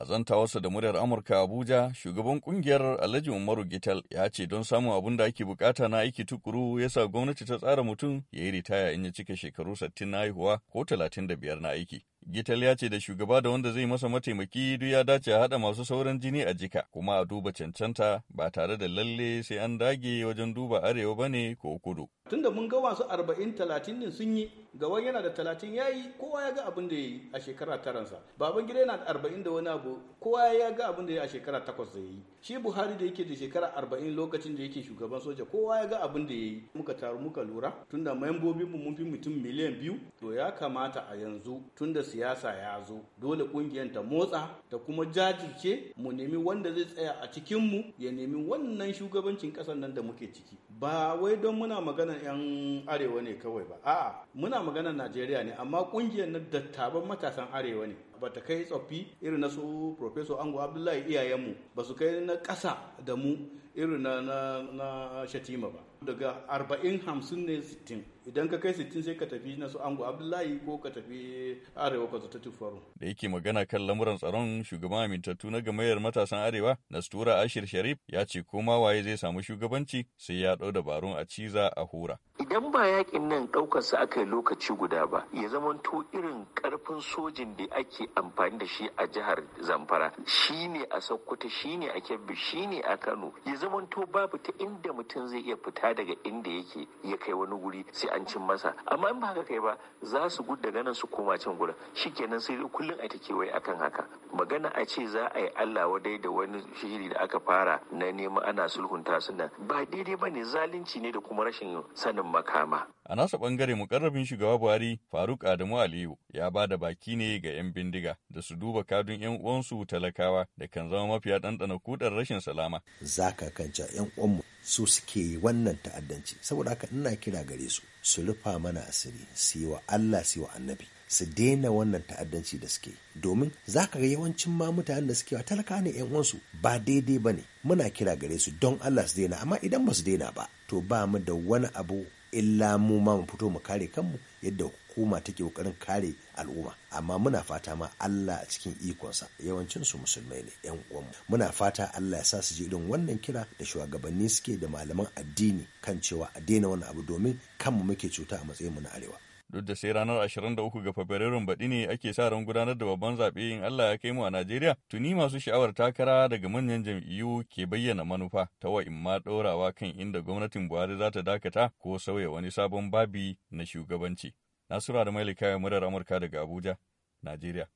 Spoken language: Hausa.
A zanta wasu da muryar Amurka Abuja, shugaban kungiyar Alhaji Umaru Gital ya ce don samun abin da ake bukata na aiki tukuru ya sa gwamnati ta tsara mutum ya yi ritaya in ya cika shekaru 60 na haihuwa ko talatin da biyar na aiki. Gital ya ce da shugaba da wanda zai masa mataimaki duk ya dace a haɗa masu sauran jini a jika kuma a duba cancanta ba tare da lalle sai an dage wajen duba arewa ba ne ko kudu. Tunda mun ga wasu arba'in talatin din sun yi gawan yana da talatin ya yi kowa ya ga abin da ya yi a shekara taransa baban gida yana da arba'in da wani abu kowa ya ga abin da ya yi a shekara takwas da ya yi shi buhari da yake da shekara arba'in lokacin da yake shugaban soja kowa ya ga abin da ya yi muka taru muka lura tunda membobin mu mun fi mutum miliyan biyu to ya kamata a yanzu tunda siyasa ya zo dole kungiyar ta motsa ta kuma jajirce mu nemi wanda zai tsaya a cikin mu ya nemi wannan shugabancin kasar nan da muke ciki ba wai don muna magana yan arewa ne kawai ba a'a muna magana Najeriya ne amma kungiyar na dattaban matasan arewa ne ba ta kai tsoffi irin na su professor ango abdullahi iyayenmu ba su kai na ƙasa da mu irin na, na, na shatima ba daga arba'in hamsin ne sittin idan ka kai sittin sai ka tafi na su ango abdullahi ko ka tafi arewa ka zata tufaru da yake magana kan lamuran tsaron shugaban amintattu na gamayyar matasan arewa nastura ashir sharif ya ce ko ma waye zai samu shugabanci sai ya ɗau dabarun a ciza a hura idan ba yakin nan ɗaukarsa aka yi lokaci guda ba ya zamanto irin ƙarfin sojin da ake amfani da shi a jihar zamfara shine a sokoto shine a kebbi shine a kano ya zamanto babu ta inda mutum zai iya fita daga inda yake ya kai wani guri sai an cin masa amma in ba haka kai ba za su gudda daga su koma can gurin shikenan sai kullum a ta kewaye akan haka magana a ce za a yi allah wadai da wani shiri da aka fara na nema ana sulhunta su nan ba daidai ba ne zalunci ne da kuma rashin sanin makama A nasa bangare mukarrabin shugaba Buhari Faruk Adamu Aliyu ya ba da baki ne ga 'yan bindiga da su duba kadun 'yan uwansu talakawa da kan zama mafiya ɗanɗana kudar rashin salama. Zaka kanca 'yan uwanmu su suke yi wannan ta'addanci saboda haka ina kira gare su su rufa mana asiri su yi wa Allah su yi wa annabi su daina wannan ta'addanci da suke domin za ka ga yawancin ma mutanen da suke wa talaka ne yan uwansu ba daidai ba ne muna kira gare su don Allah su daina amma idan ba su daina ba to ba mu da wani abu illa mu ma mu fito mu kare kanmu yadda hukuma take kokarin kare al'umma amma muna fata ma Allah a cikin ikonsa yawancin su musulmai ne yan uwanmu muna fata Allah ya sa su ji irin wannan kira da shugabanni suke da malaman addini kan cewa a daina wani abu domin kanmu muke cuta a matsayin mu na arewa duk da sai ranar 23 ga Fabrairun baɗi ne ake sa ran gudanar da babban zaɓe in Allah ya kai mu a Najeriya, tuni masu sha'awar takara daga manyan jam'iyyu ke bayyana manufa ta wa imma ɗorawa kan inda gwamnatin Buhari za ta dakata ko sauya wani sabon babi na shugabanci. Nasura da Malika murar Amurka daga Abuja, Najeriya.